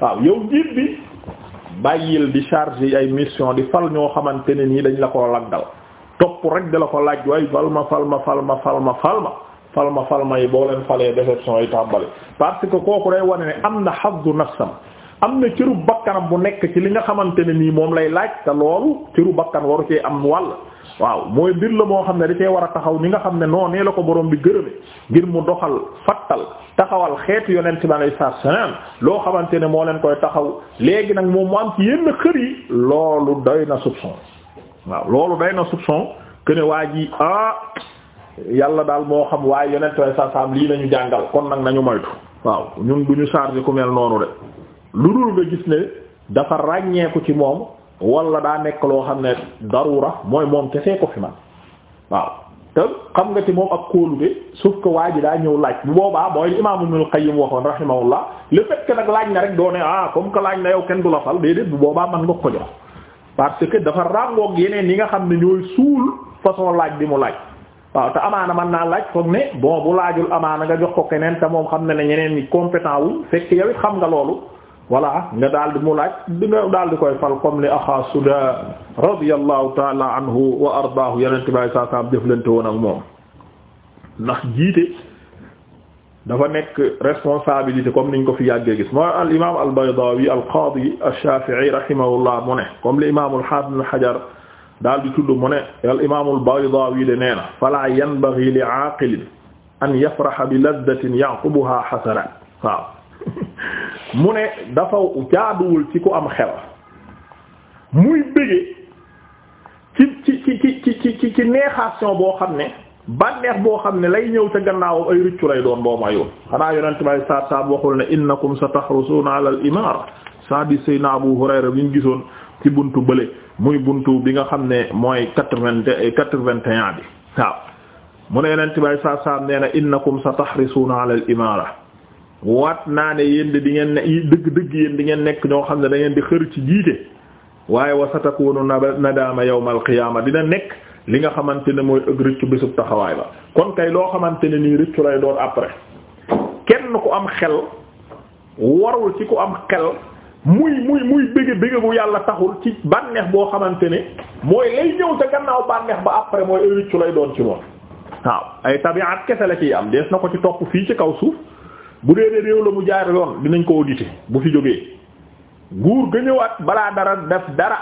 waaw yow njiit bi bàyyil di chargé ay mission di fal ñoo xamante ne nii dañ la ko laggal topp rek da la ko laaj waaye falma falma falma falma falma falma falma yi boo leen falee déception yi tàmbali parce que kooku day wane ne am na xafdu nafsam am na cëru bakkanam bu nekk ci li nga xamante ne nii moom lay laaj te loolu cëru bakkan waru cee am wàll waaw mooy mbir la moo xam ne da cee war a taxaw ni nga xam ne noo nee la ko boroom bi gërëme ngir mu doxal fattal taxawal xeetu yonent bi alayhi salaatu salaam loo xamante ne moo leen koy taxaw léegi nag moom mu am ci yenn xër yi loolu doy na soupçon waaw loolu doy na soupçon que ne waa ji ah yàlla daal moo xam waaye yonent bi alayhi salaatu salaam lii nañu jàngal kon nag nañu moytu waaw ñun du ñu chargé ku mel noonu de lu dul nga gis ne dafa ràññeeku ci moom. wala daa nekk loo xam ne darura mooy moom kese ko fi man waaw te xam nga ci moom ak kóolute sauf que waa ji daa ñëw laaj bi boobaa mooy li imaam Ibnul Qayyim waxoon rahimahullah le fait que nag laaj na rek doo ne ah comme que laaj na yow kenn du la fal déedéet bu boobaa man nga ko jox parce que dafa ràngoog yeneen yi nga xam ne ñooy suul façon laaj bi mu laaj waaw te amaana man naa laaj foog ne bon bu laajul amaana nga jox ko keneen te moom xam ne ne ñeneen ñi compétent wuñ fekk xam nga loolu voilà nga daal di mu laaj di nga daal di koy fal comme li axaa suda radiyallahu taala anhu wa ardaahu yenente bàyyi saa saam jëflante woon ak moom ndax jiite dafa nekk responsabilité comme niñ ko fi yàggee gis mooy al imam al baydawi al qadi al shafi'i rahimahullah mu ne comme li imam al hafiz al hajar daal di tudd mu al imam al baydawi de nee fala yanbaghi li aaqilin an yafraha bi laddatin ya'qubuha hasanat mu ne dafa jaaduwul ci ku am xel muy bëggee ci ci ci ci ci ci boo xam ne bànneex boo xam ne lay ñëw ca gannaaw ay rëccu lay doon boo mayoon xanaa yonent may saab saab waxul ne innakum satahrusuuna ala al imaara ñu gisoon ci buntu bële muy buntu bi nga xam ne mooy quatre-vingt quatre-vingt-un ne yonent may saab saab nee na innakum sa ala al imaara waat naa ne yéen di ngeen ne dëgg-dëgg yéen di ngeen nekk ñoo xam ne da ngeen di xër ci jiite waaye wa satakunu nadama yawmal qiyaama dina nekk li nga xamante ne mooy ëgg rëccu bésub taxawaay ba kon kay loo xamante ne nii rëccu lay doon après kenn ku am xel warul ci ku am xel muy muy muy bëgg bëgg bu yàlla taxul ci bànneex boo xamante ne mooy lay ñëw ca gannaaw bànneex ba après mooy ëgg rëccu lay doon ci moom waaw ay tabi'at kese la ciy am na ko ci topp fii ci kaw suuf bu dee ne réew la mu jaare yoon dinañ ko auditer bu fi jógee nguur ga ñëwaat balaa dara def dara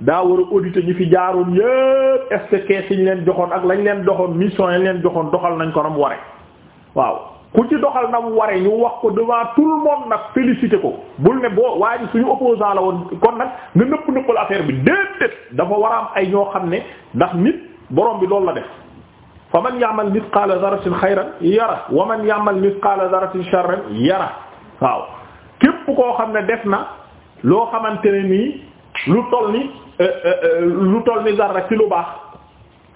daa war a ñi fi jaarul yépp est-ce yi ñu leen joxoon ak lañ leen doxoon mission yi leen joxoon doxal nañ ko nam ware waaw ku ci doxal na mu ware ñu wax ko devant tout le monde nag félicité ko bul ne boo waa ji suñu opposant la woon kon nag nga nëpp nëppal affaire bi déedéet dafa war a am ay ñoo xam ne ndax nit borom bi loolu la def fa man ya'mal mithqala dharratin khayran yara wa man ya'mal mithqala dharratin sharran yara waaw képp koo xam ne def na loo xamante ne nii lu toll ni euh, euh, euh, lu toll ni zarra ci lu baax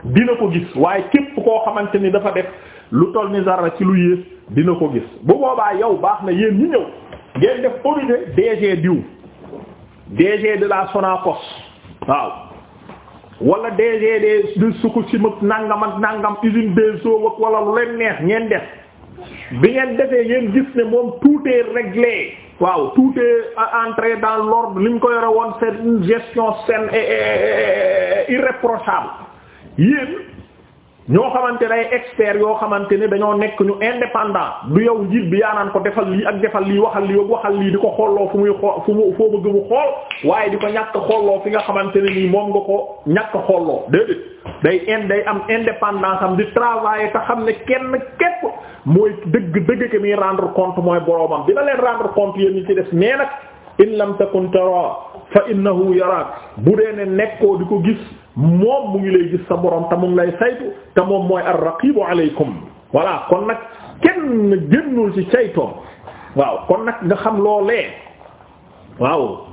dina ko gis waaye képp koo xamante ni dafa def lu toll ni zarra ci lu yées dina ko gis bu boobaa yow baax na yéen ñi ñëw ngeen def audit DG diw DG de la Sonacos waaw wala DGD de Sococim ak nangam ak nangam usine des eaux ak wala lu leen neex ngeen def bi ngeen defee ngeen gis ne moom tout est réglé waaw tout est entré dans l'ordre li ñu ko yore woon c'est une gestion saine irréprochable yéen ñoo xamante ne ay experts yoo xamante ne dañoo nekk ñu indépendant du yow njiit bi yaanaan ko defal lii ak defal lii waxal lii lii di ko xolloo fu muy xool fu mu foo bëgg mu xool waaye di ko ñàkk xolloo fi nga xamante ne nii moom nga ko ñàkk xolloo déedéet day day am indépendance am di travailler tax xam ne kenn képp mooy dëgg dëgg ke muy rendre compte mooy boroomam dina leen rendre compte yéen ñi ci def mais nag in lam takun tara fa innahu yarak bu dee ne nekkoo di ko gis moom mu ngi lay gis sa borom te mu lay saytu te moom mooy ar-raqibu aleykum voilà kon nag kenn génnul ci saytoom waaw kon nag nga xam loolee waaw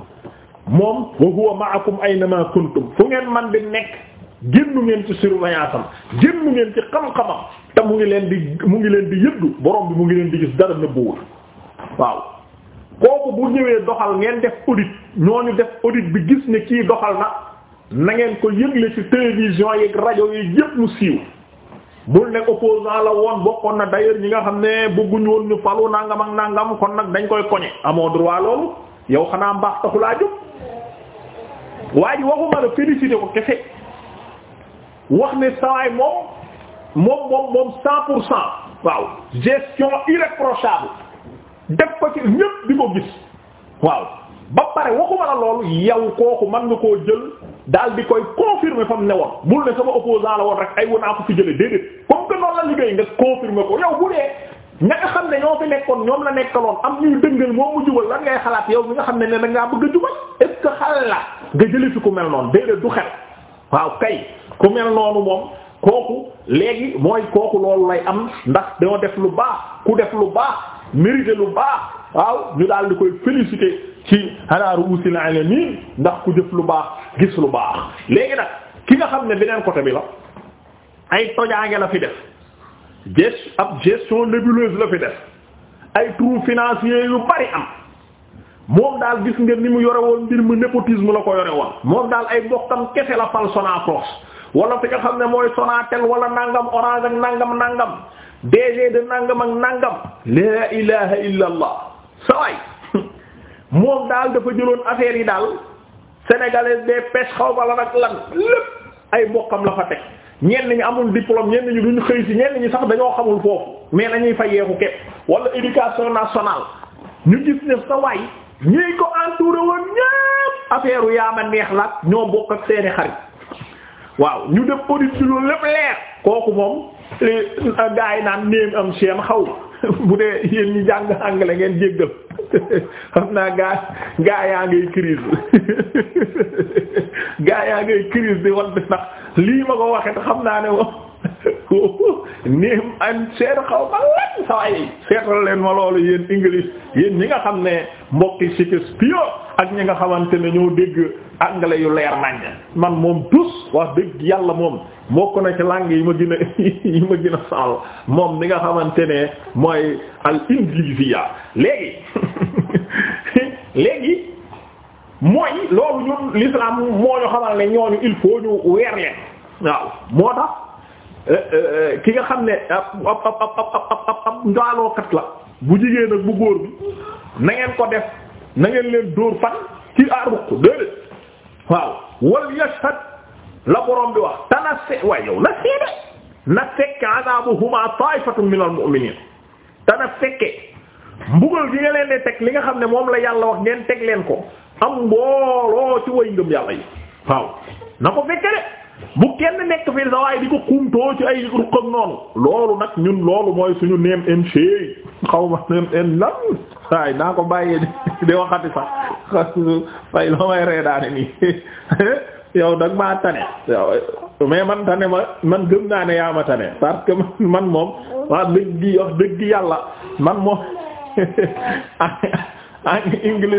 moom wa huwa ma'akum aynama kuntum fu ngeen man di nekk génnu ngeen ci surveillance génnu ngeen ci xam-xamam te mu ngi leen di mu ngi leen di yëddu borom bi mu ngi leen di gis dara nëbbuwul waaw kooku bu ñëwee doxal ngeen def audit ñooñu def audit bi gis ne kii doxal na na ngeen ko yëgle ci télévision yeeg rajo yi yëpp mu siiw bul ne opposant la woon bokkoon na d'ailleurs ñi nga xam ne bëgguñu woon ñu falu nangam ak nangam kon nag dañ koy koñe amoo droit loolu yow xanaa mbaax taxu laa jóg waa ji waxuma la félicité ko kese wax ne sawaay moom moom moom moom cent pour cent waaw gestion irréprochable def ko ci ñëpp di ko gis waaw ba pare waxuma la loolu yow kooku mën nga koo jël daal di koy confirmer fa mu ne woon bul ne sama opposant la woon rek ay wanaa ko fi jële déedéet comme que noonu la liggéey nga confirmer ko yow bu dee ña nga xam ne ñoo fi nekkoon ñoom la nekkaloon am ñuy dëngal moom mu jubal lan ngay xalaat yow mi nga xam ne ne da ngaa bëgg a jubal est ce que xal la nga jële fi ku mel noonu déedéet du xel waaw kay ku mel noonu moom kooku léegi mooy kooku loolu lay am ndax dañoo def lu baax ku def lu baax mérité lu baax waaw daal di koy féliciter ci ala ru'usil alamin ndax ku jëf lu baax gis lu baax léegi nag ki nga xam ne beneen côté bi la ay tojaange la fi def gest ab gestion nébuleuse la fi def ay trous financiers yu bari am moom daal gis nga ni mu yore woon mbir mu népotisme la ko yore woon moom daal ay mbokkam kese la fal Sonacos wala fi nga xam ne mooy Sonatel wala nangam Orange ak nangam nangam DG de nangam ak nangam la ilaha illa allah saway moom daal dafa jëloon affaire yi daal sénégalais des pêches xaw ma lan ak lan lépp ay mbokkam la fa teg ñenn ñi amul diplôme ñenn ñi duñu xëy si ñenn ñi sax dañoo xamul foofu mais nañuy fayeeku képp wala éducation nationale ñu gis ne sa waay ñuy ko entouré woon ñépp affaire u yaama neex la ñoo bokk ak seeni xarit waaw ñu def audit loolu lépp leer kooku moom gars yi naan néem am siem xaw ma bu dee yéen ñi jàng anglais ngeen jéggal xam naa gaa gaa yaa ngay crise gaa yaa ngay crise di wan bi ndax lii ma ko waxee xam naa ne moom néem am seet xaw ma lan saway seetal leen ma loolu yéen English yéen ñi nga xam ne mbokki Shakespeare ak ñi nga xamante ne ñoo dégg anglais yu leer naññ man moom tous wax dëgg yàlla moom bokk na ci langue yi ma gën a yi ma gën a moom ni nga xamante ne mooy al inglisiya léegi léegi mooy loolu ñun l'islam moo ñu xamal ne ñooñu il faut ñu weer leen waaw moo tax ki nga xam ne ab ab ab ab ab ab njaalookat la bu jigéen ak bu góor bi na ko def. na ngeen leen dóor fan ci aruq déedéet waaw wal yashhad la borom bi wax te se waaye yow na seede na fekke adabuhuma ta'ifatun minal mu'minin te na fekke mbugal gi nga leen di teg li nga xam ne moom la yàlla wax ngeen teg leen ko am mbooloo ci way ngëm yàlla yi waaw na ko fekke de bu kenn nekk fii sa waaye di ko kumtoo ci ay ruqam noonu loolu nag ñun loolu mooy suñu neem en chey xaw ma neem naa ko bàyyee di waxati sax fay loo may reedaane nii yow dag maa tane mais man tane ma man gëm naa ne yaa ma tane parce que man moom wax dëgg wax dëgg yàlla man moom en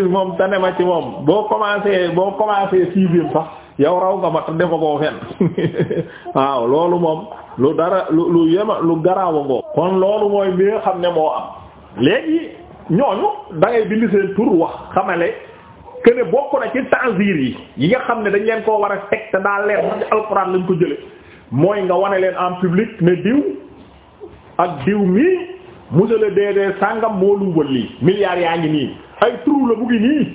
moom tane ma ci moom boo commencé boo commencé sixième sax yow raw nga ma te defa koo fen waaw loolu moom lu dara lu lu yema lu garaawa ngoo kon loolu mooy bi nga xam ne moo am léegi ñooñu da ngay bind seen tur wax xamale que bokk na ci tanzir yi yi nga xam ne dañ leen koo war a teg te daa leer na ci alxuraan lañ ko jële mooy nga wane leen en public ne diw ak diw mii monsieur le DG sàngam moo luubal lii milliards yaa ngi nii ay trou la mu nii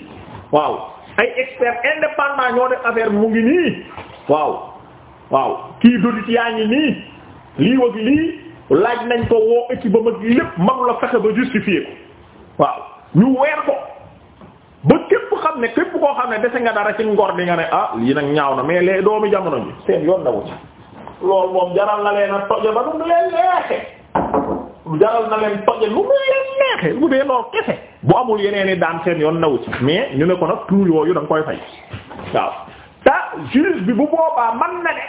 waaw ay experts indépendants ñoo def affaire mu ngi nii waaw waaw kii dodit yaa ngi nii lii wag lii laaj nañ ko woo équipe ba mag lépp manu la fexe ba justifier ko waaw ñu weer ko ba képp xam ne képp koo xam ne dese nga dara ci ngor di nga ne ah lii nag ñaaw na mais les doomi jamono ji seen yoon dawu ci loolu moom jaral na leen a toje ba du leen leexe jaral na leen toje lu mu leen neexe bu dee lool kese bu amul yeneen i daan seen yoon naw ci mais ñu ne ko nag tuur yooyu da koy fay waaw te juge bi bu boobaa man na ne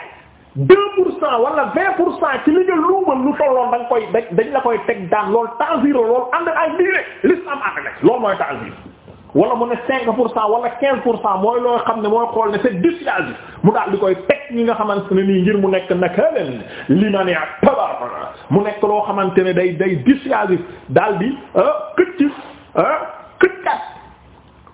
deux pour cent wala vingt pour cent ci li nga luumal lu tolloon da koy dañ la koy teg daan lool ta'zir lool ànd ak diine l'islam ànd nag loolu mooy ta'zir wala mu ne cinq pour cent wala quinze pour cent mooy loo xam ne mooy xool ne c'est dissuasif mu daal di koy ñi nga xamante ne nii ngir mu nekk nakaaleen li na ne ak tabar mu nekk loo xamante ne day day dissuasif daal di euh, këccif euh, këccaat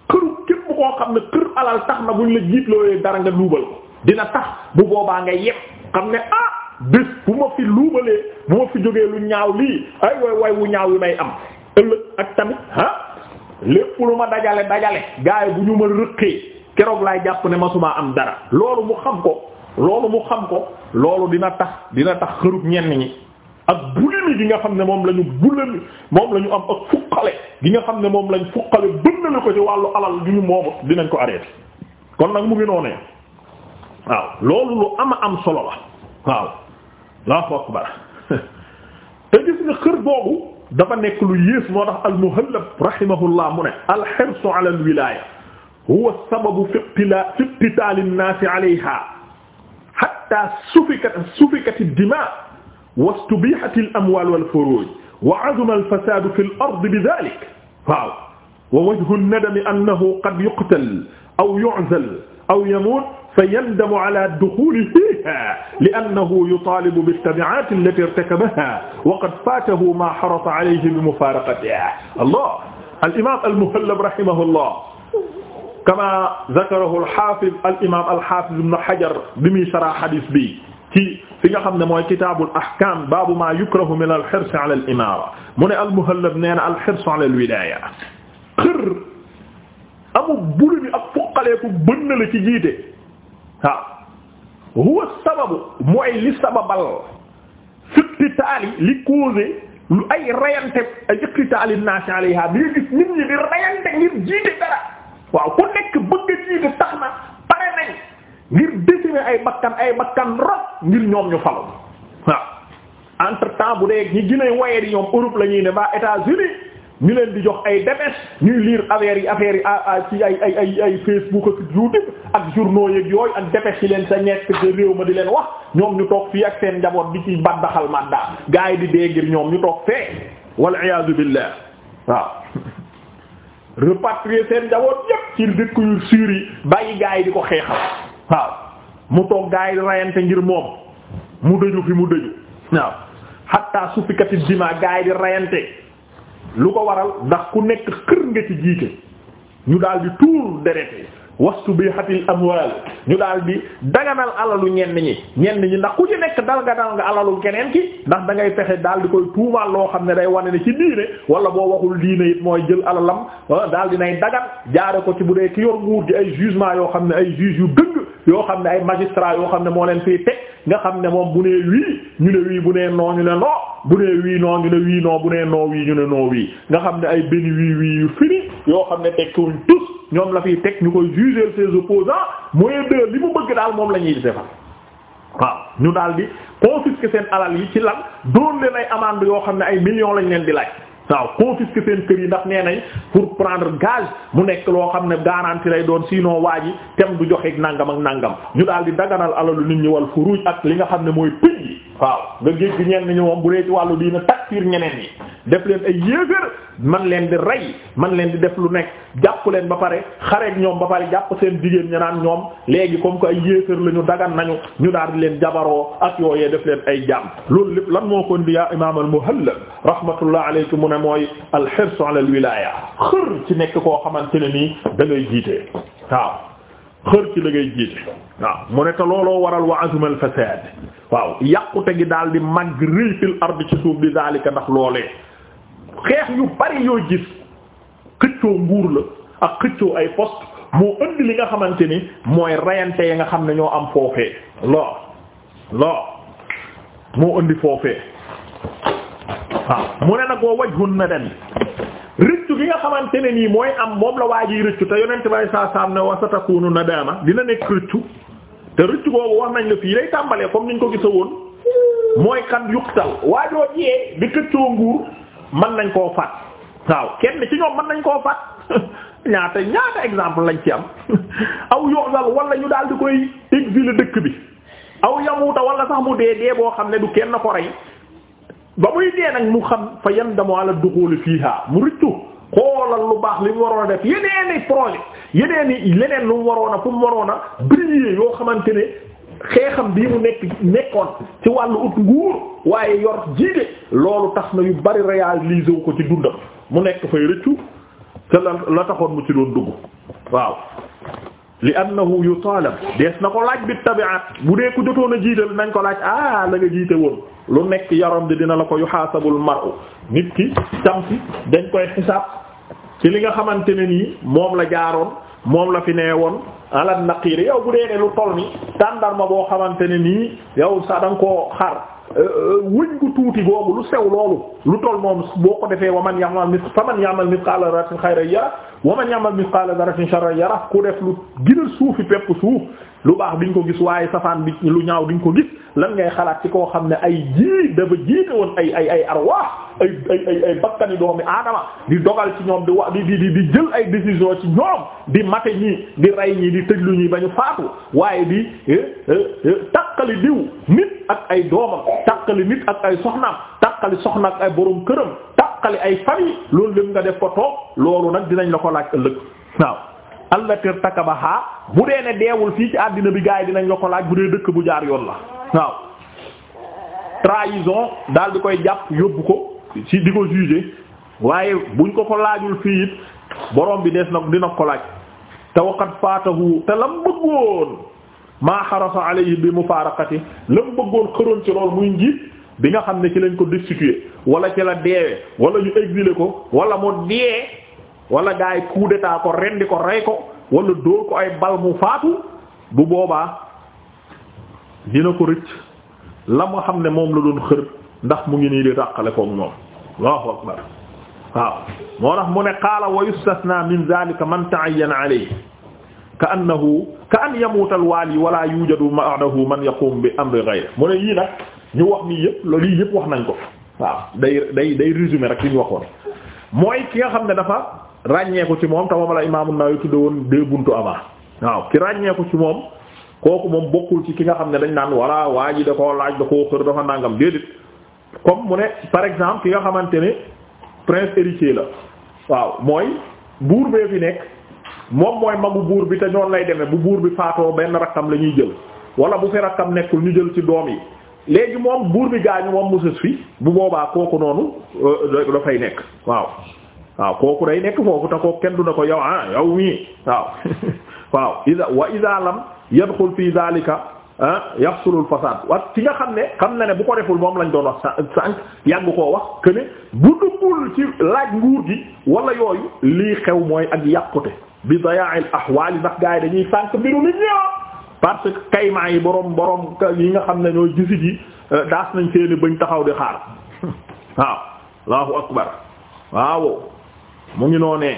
këru képp koo xam ne kër alal tax na buñ la jiitlooyee dara nga luubal ko dina tax bu boobaa nga yépp xam ne ah bés bu ma fi luubalee bu ma fi jógee lu ñaaw lii ay way way wu ñaaw yu may am ëllëg ak tamit ah lépp lu ma dajale dajale gaay bu ñu ma rëqee keroog laay jàpp ne masuma am dara loolu mu xam ko loolu mu xam ko loolu dina tax dina tax xërub ñenn ñi ak bulimi gi nga xam ne moom lañu ñu bulimi moom la ñu am ak fuqale gi nga xam ne moom lañ fuqale bënnali ko ci wàllu alal du ñu moomu dinañ ko arrêté kon nag mu ngi noonee waaw loolu lu ama am solo la waaw laa foog bara te gis nga xër boobu dafa nekk lu yées moo tax al-Muhallab rahimahullah mu ne al-hirsu ala al-wilaya huwa sababu fi iqtitaal an-nas hatta sufikat sufikat ad-dima wastubihat al-amwal wal-furuj wa 'azama al-fasad fi al-ard bidhalik waaw wa wajhu an-nadami annahu qad yuqtal aw yu'zal aw yamut فيندم على الدخول فيها لأنه يطالب بالتبعات التي ارتكبها وقد فاته ما حرص عليه بمفارقتها الله الإمام المهلب رحمه الله kama zakarahu al-Hafiz al-imam al-Hafiz ibn Hajar bi muy sarah hadith bi ci fi nga xam ne mooy kitaabul ahkaam baabu maa yukrahu min al-hirsi ala al-imaara mu ne al-Muhallab nee na al-hirsu ala al-wilaaya xër amul bulu bi ak foqaleeku bënn la ci jiite waaw huwa sababu mooy li sababal iqtitaali li causé lu ay rayante ay iqtitaali naas alayha bi nga gis nit ñi di rayante ngir jiite dara waaw ku nekk bëgg a jiite tax na pare nañ ngir décimer ay bakkan ay bakkan rot ngir ñoom ñu falu waaw entre temps bu dee ñi ginay waye di ñoom Europe la ñuy ne ba États-Unis ñu leen di jox ay demes ñuy lire affaires yi affaires yi ci ay ay ay ay Facebook ak YouTube ak journaux yeeg yooyu ak dépêche yi leen sa ñett de réew ma di leen wax ñoom ñu toog fii ak seen njaboot bi ci baddaxal madda gars yi di dee ngir ñoom ñu toog fee wal iyaazu billah waaw repatrier seen njaboot yépp ci dëkk suur yi bàyyi gaa di ko xeexal waaw mu toog gaa yi rayante ngir moom mu dëju fi mu dëju waaw hatta sufikati dima gaa yi di rayante lu ko waral ndax ku nekk xër nga ci jiite ñu daal di tuur deret wastu bihatil amwal ñu daal di daganal alalu ñenn ñi ñenn ñi ndax ku ci nekk daganal nga alalu keneen ki ndax da ngay fexe daal di koy tuumaal loo xam ne day wane ne ci diine wala boo waxul diine it mooy jël alalam ah, daal di nay dagan jaare ko ci bu dee ki yor nguur gi ay jugement yoo xam ne ay juge yu dëgg yoo xam ne ay magistrat yoo xam ne moo leen fii teg nga xam ne moom bu nee wii ñu ne wii bu nee noo ñu ne noo bu nee wii noo ñu ne wii noo bu nee noo wii ñu ne noo wii nga xam ne ay benn yoo xam ne ñoom la fiy teg ñu ko juger ses opposants mooy de li mu bëgg daal moom la ñuy defal waaw ñu daal di confisquer seen alal yi ci lan doon leen ay amende yoo xam ne ay millions lañ leen di laaj. waaw confisquer seen kër yi ndax nee nañ pour prendre gage mu nekk loo xam ne garantie lay doon sinon waa ji tem du joxe nangam ak nangam ñu daal di daganal alalu nit ñi wal furuj ak li nga xam ne mooy pëj yi waaw nga géej gi ñeen ñi moom bu dee ci wàllu diina takfir ñeneen yi def leen ay yéefér man leen di rey man leen di def lu nekk jàpp leen ba pare xareek ñoom ba pare jàpp seen jigéen ña naan ñoom léegi comme que ay yéefér la ñu dagan nañu ñu daal di leen jabaroo ak yooyee def leen ay jàmm loolu lépp lan moo ko ndi yaa imam al muhallab ne mooy alxirsu ala alwilaaya xër ci nekk koo xamante ne nii da ngay jiite waaw xër ci la ngay jiite waaw mu ne te looloo waral wa azuma al fasaad waaw yàqute gi daal di màgg rëy fil ard ci suuf di daalika ndax loolee xeex yu bari yoo gis xëccoo nguur la ak xëccoo ay poste moo indi li nga xamante ni mooy rayante yi nga xam ne ñoo am foofee loo loo moo indi foofee waaw mu ne nag woo wajhun nadami rëccu gi nga xamante ne nii mooy am moom la waa jiy rëccu te yonent bay saa saam ne wa satakunu nadama dina nekk rëccu te rëccu googu wax nañ la fii lay tàmbalee comme niñ ko gisa woon mooy kan yuqtal waajoo jiyee di këccoo nguur mën nañ koo faat waaw kenn ci ñoom mën nañ koo faat ñaata ñaata exemple lañ ci am aw yoxsal wala ñu daal di koy exilé dëkk bi aw yamuuta wala sax mu dee dee boo xam ne du kenn ko rey ba muy dee nag mu xam fa yandamu ala duxuli fiiha mu rëccu xoolal lu baax li mu waroon a def yeneen i projet leneen lu mu waroon a fu mu waroon a briller yoo xamante ne xeexam bii mu nekk nekkoon ci wàll ut nguur waaye yor jiite loolu tax na yu bari réaliser wu ko ci dundam mu nekk fay rëccu te la la taxoon mu ci doon dugg waaw li yu yutalab dees na ko laaj bi tabi'at bu dee ku jotoon a jiital nañ ko laaj ah la nga jiite woon lu nekk yaram bi dina la ko yu xaasabul mar'u nit ki tam si dañ koy xisaab ci li nga xamante ne nii moom la jaaroon moom la fi nee woon alal naqiir yow bu dee ne lu toll ni tàndarma boo xamante ne nii yow sa da ko koo xar euh, euh, wëñ gu tuuti googu lu sew loolu lu toll moom boo ko defee wa man ya'mal mis fa man ya'mal misqaala dharratin khayran yara wa man ya'mal mithqaala dharratin sharran yara ku def lu gënal suufi pepp suuf lu baax diñ ko gis waaye safaan bi lu ñaaw diñ ko gis lan ngay xalaat ci koo xam ne ay ji dafa jiite woon ay ay ay arwaax ay ay ay ay bakkani doomi aadama di dogal ci ñoom di wax di di di jël ay décision ci ñoom di mate ñi di rey ñi di tëjlu ñii ba ñu faatu waaye di eh, eh, eh, takkali diw nit ak ay doomam takkali nit ak ay soxnaam takkali soxna ay borom këram taqali ay fan yi loolu lépp nga def ko toog loolu nag dinañ la ko laaj ëllëg waaw allatir takabaha bu dee ne deewul fii ci àddina bi gars yi dinañ la ko laaj bu dee dëkk bu jaar yoon la waaw trahison dal di koy jàpp yóbbu ko ci di ko juger waaye buñ ko ko laajul fii it boroom bi des nag dina ko laaj te waqad faatahu te lam bëggoon maa xarasa alayhi bi mufaaraqati lam bëggoon xëroon ci lool muy njiit bi nga xam ne ci lañ ko destitué wala ci la deewee wala ñu exilé ko wala mu dee wala gaay kuudetaa d'état ko rendi ko rey ko wala dóor ko ay bal mu faatu bu boobaa dina ko rëcc la mu xam ne moom la doon xër mu ngi nii di ràqale ko moom Allahu akbar waaw moo tax mu ne qaala wa yustasna min zalika man ta'ayyana alayhi ka annahu ka an yamuuta alwaali wala yujadu ma'ahu man yaqumu bi amri ghayrihi mu ne yii nag ñu wax mii yëpp loolu yii yëpp wax nañ ko waaw day day day résumé rek ki ñu waxoon mooy ki nga xam ne dafa ràññeeku ci moom te moom la Imaam An-Nawawi tudde woon deux buntu avant waaw ki ràññeeku ci moom kooku moom bokkul ci ki nga xam ne dañ naan walla waa ji da koo laaj da koo xër dafa nangam déedéet comme mu ne par exemple ki nga xamante ne prince héritier la waaw mooy buur bee fi nekk moom mooy magu buur bi te ñoon lay demee bu buur bi faatoo benn rakkam la ñuy jël wala bu fi rakkam nekkul ñu jël ci doom yi léegi moom buur bi gaañu moom mosas fi bu boobaa kooku noonu euh, dafay nekk waaw waaw kooku day nekk foofu te ko kenn du na ko yow ah yow mii waaw waaw ida wa ida lam yadxul fi zalika ah, yaxsulul fasaad wat ci nga xam ne xam na ne bu ko deful moom lañ doon wax sànq yàgg koo wax que ne bu duggul ci laaj nguur gi wala yooyu lii xew mooy ak yàqute bi dayaa al ahwaal ndax gaa dañuy sànq mbiru nit ñi ah. parce que kaymaa yi borom borom yi nga xam ne ñooy gisit yi euh, daas nañ seeni bañ taxaw di xaar waaw allahu akbar waaw mu ngi noonee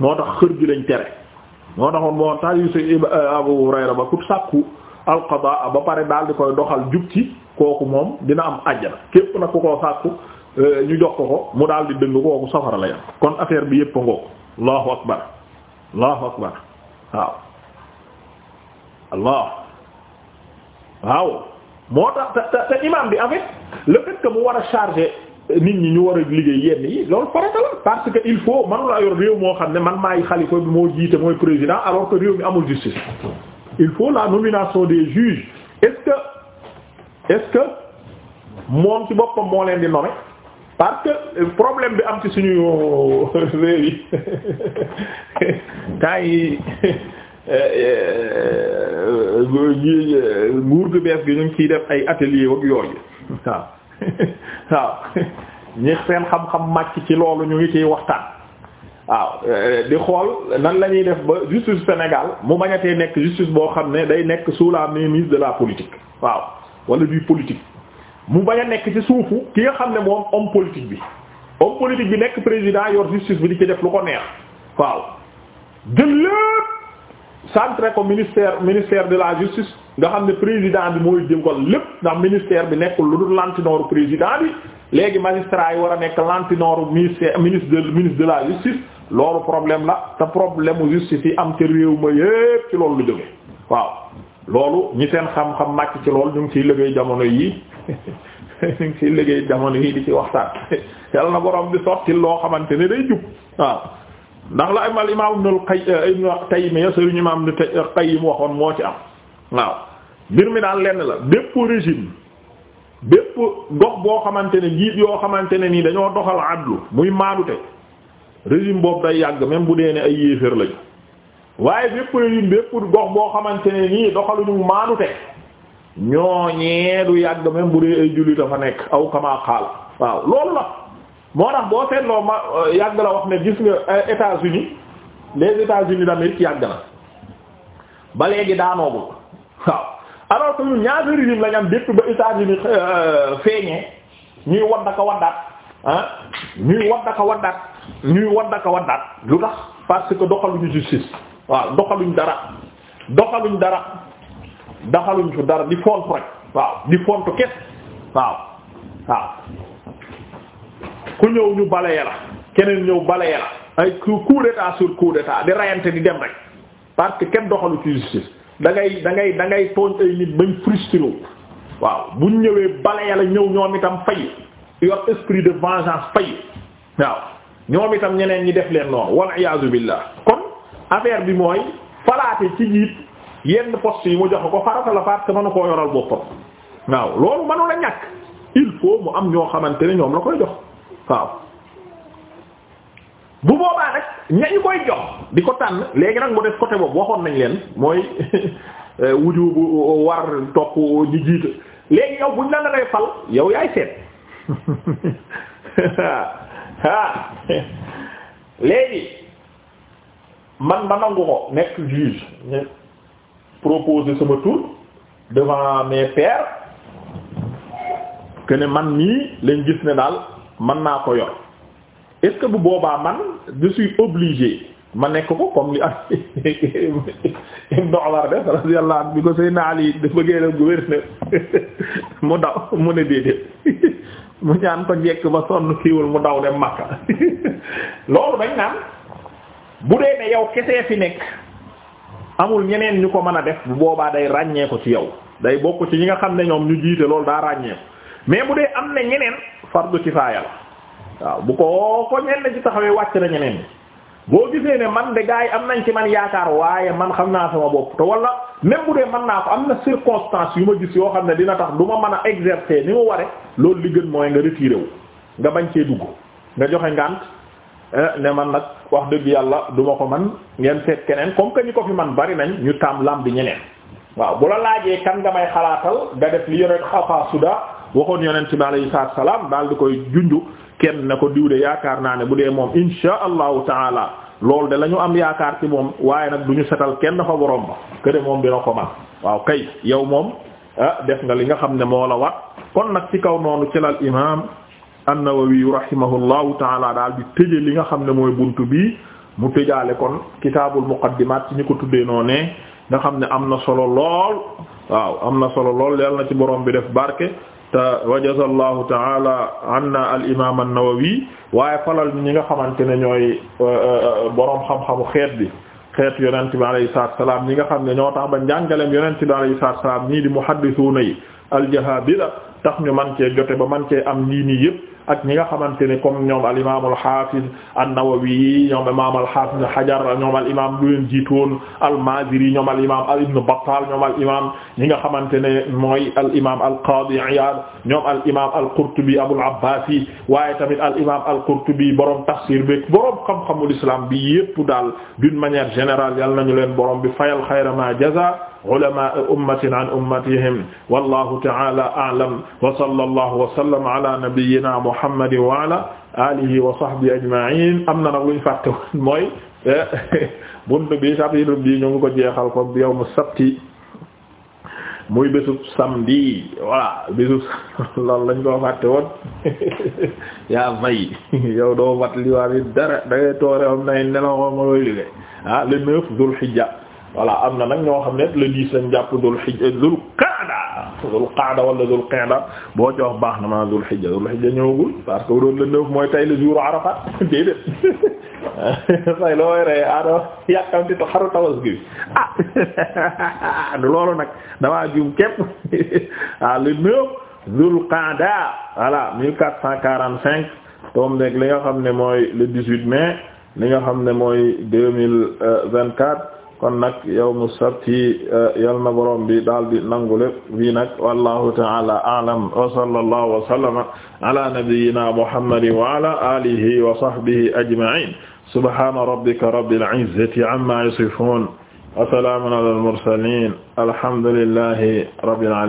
moo tax xër gi lañ tere moo taxoon moo tax yu si euh, Abu Hurayra ba ku sàkku alqadaa ba pare daal di koy doxal jub kooku moom dina am àjjana képp nag ku sàkku euh, ñu jox ko ko mu dal di dëng kooku safara la kon affaire bi yépp a ngoo akbar allahu akbar waaw allah waaw moo tax te te imam bi en fait le fait que mu war a charger nit ñi ñu war a liggéey yenn yi loolu farata la parce que il faut man laa yor réew moo xam ne man maay xalifa bi moo jiite mooy président alors que réew mi amul justice il faut la nomination des juges est-ce que est-ce que moom ci boppam moo leen di nommer parce que problème bi am ci suñu réew yi temps yi nguur gu bees gi ñu ngi ciy def ay atelier ak yooyu waaw waaw ñi seen xam-xam màcc ci loolu ñu ngi ciy waxtaan waaw di xool nan la ñuy def ba justice Sénégal mu bañatee nekk justice boo xam ne day nekk sous la mainmise de la politique waaw wala du politique mu bañ a nekk ci suufu ki nga xam ne moom homme politique bi homme politique bi nekk président yor justice bi di ci def lu ko neex waaw jël lépp centré ko ministère ministère de la justice nga xam ne président bi mooy jëm ko lépp ndax ministère bi nekkul lu dul lantinooru président bi léegi magistrat yi war a nekk lantinooru ministère ministre de ministre de la justice loolu problème la te problème mu justice yi am ca réew ma yépp ci loolu lu jóge waaw loolu ñi seen xam-xam màcc ci loolu ñu ngi ciy liggéey jamono yii ñu ngi ciy liggéey jamono yi di ci waxtaan yàlla na borom bi sotti loo xamante ne day jub waaw ndax la imal imam Ibnul Qayyim sëriñ imam Ibnul Qayyim waxoon moo ci am waaw mbir mi daal lenn la bépp régime bépp dox boo xamante ne njiit yoo xamante ne nii dañoo doxal adlu muy maadute régime boobu day yàgg même bu dee ne ay yéeféer lañu waaye bépp régime bépp dox boo xamante ne nii doxaluñu maadute ñooñee du yàgg même bu dee ay jullit fa nekk aw kamaa xaal waaw loolu la moo tax boo seetloo ma euh, yàgg la wax ne gis nga euh, États-Unis les États-Unis d'Amérique yàgg na ba léegi daanoogul waaw alors que ñun ñaata euh, ñuy waddaka waddaat ñuy waddaka waddaat lu tax parce que doxaluñu justice waaw doxaluñ dara doxaluñ dara doxaluñ fu dara di font rek waaw di font kes waaw waaw ku ñëw ñu balaye la keneen ñëw balaye la ay coup d'état sur coup d'état di rayante di dem rek parce que kenn doxalu ci justice da ngay da ngay da ngay tooñ ay nit bañ frustré waaw buñ ñëwee balaye la ñëw ñoom itam fay yor esprit de vengeance fay waaw ñoom itam ñeneen ñi def leen noonu wal iyaazu billah kon affaire bi mooy falaate ci jiit yenn poste yi mu jox ko farata la parce que mënu koo yoral boppam waaw loolu mënu la ñàkk il faut mu am ñoo xamante ne ñoom la koy waaw bu boobaa nag ñañu koy jox di ko tànn léegi nag mu def côté boobu waxoon nañ leen mooy wuju bu war topp ñu jiite léegi yow buñ la na ngay fal yow yaay seet ah léegi man ma nangu ko nekk juge ñu proposer sama tour devant mes pairs que man nii lañ gis ne daal man naa ko yor est que bu boobaa man je suis obligé ma nekk ko comme li am Ibn Umar def radiyallahu anhu bi ko Seydina Ali da bëggee la gouverneur mu daw mu ne déedéet mu ñaan ko njekk ba sonn kiiwul mu daw dem Makka loolu dañ naan bu dee ne yow kesee fi nekk amul ñeneen ñu ko mën a def bu boobaa day ràññee ci yow day bokk ci ñi nga xam ne ñoom ñu jiite loolu daa ràññee mais bu dee am na ñeneen fardu kifaaya la waaw bu ko ko ñenn ci taxawee wàcc na ñeneen boo gisee ne man de gars yi am nañ ci man yaakaar waaye man xam naa sama bopp te wala même bu dee mën naa ko am na circonstance yu ma gis yoo xam ne dina tax du ma mën a exercer ni mu ware loolu li gën mooy nga retiré wu nga bañ cee dugg nga joxe ngànt eh, ne man nag wax dëgg yàlla duma ko man ngeen seet keneen comme que ñi ko fi man bari nañ ñu taam lam bi ñeneen waaw bu la laajee kan nga may xalaatal nga def li yonent xafa suda waxoon yonent bi alayhi salaam daal di koy junju kenn ne ko diw yaakaar naa ne bu dee moom insha allahu taala loolu de la ñu am yaakaar ci moom waaye nag du ñu setal kenn fa borom ba que moom dina ko man waaw kay yow moom ah, def nga li nga xam ne moo la wax kon nag ci kaw noonu ci lal imaam an-Nawawi rahimahullahu taala daal di tëje li nga xam ne mooy bunt bi mu tëjaale kon kitaabul muqaddimaat ci ñu ko tuddee noonu nga xam ne am na solo lool waaw am na solo lool yal na ci borom bi def barke te wajazallahu taala anna al imam an-Nawawi waaye falal ñi nga xamante ne ñooy euh, euh, boroom xam-xamu xeet bi xeet yonent bi alayhi salaatu salaam ñi nga xam ne ñoo tax ba njàngaleem yonent bi alayhi salaatu salaam ñii di muhaddisuuna yi al jahaabira tax ñu man cee jote ba man cee am nii nii yëpp. ak ñi nga xamante ne comme ñoom al imaam al xaafiz an-Nawawi ñoom imaam al xaafiz Hajar ñoom al imaam lu leen jiitoon al Maaziri ñoom al imaam al Ibn Battal ñoom al imaam ñi nga xamante ne mooy al imaam al Qaadi Iyaad ñoom al imaam al Qurtubi Abul Abbaas yi waaye tamit al imaam al Qurtubi borom tafsir bi borom xam-xamul islam bi yépp daal d'une manière générale yal nañu leen borom bi fayal xayra ma jaza ulama ummatin an ummatihim wallahu ta'ala a'lam wa sallallahu wa sallam ala nabiyyina muhammadin wa ala alihi wa sahbihi ajma'in am na nag luñ fàtte woon mooy eh, buntu bi chapitre bi ñu ngi ko jeexal ko yawmu sabti muy bésub samedi voilà bésub loolu lañ koo fàtte woon yaa may yow doo mat liwaat yi dara da ngay toore am nay nelaw ma looy liggéey ah le neuf Dhul Hijja voilà am na nag ñoo xam ne le dix lañ jàpp dul xijja euh, dul qaada dul qaada wala dul qaada boo ci wax baax na ma dul ñëwagul parce que doon le neuf mooy tay le jour Arafat déedéet say looy ree aado ah, loolu nag damaa juum képp ah le neuf dul qaada voilà mille quarante cinq toom nekk xam ne mooy le dix mai li nga xam ne mooy deux mille vingt-quatre kon nag yawmu sabti eh, yal na borom bi daal di nangu lépp wi nag wallahu ta'ala a'lam wa sallallahu wa sallama ala nabiyyina muhammadin wa ala alihi wa sahbihi ajma'in subhana rabbika rabbil izzati amma yasifun wa salamun ala al mursalin alhamdulillahi rabbil alamin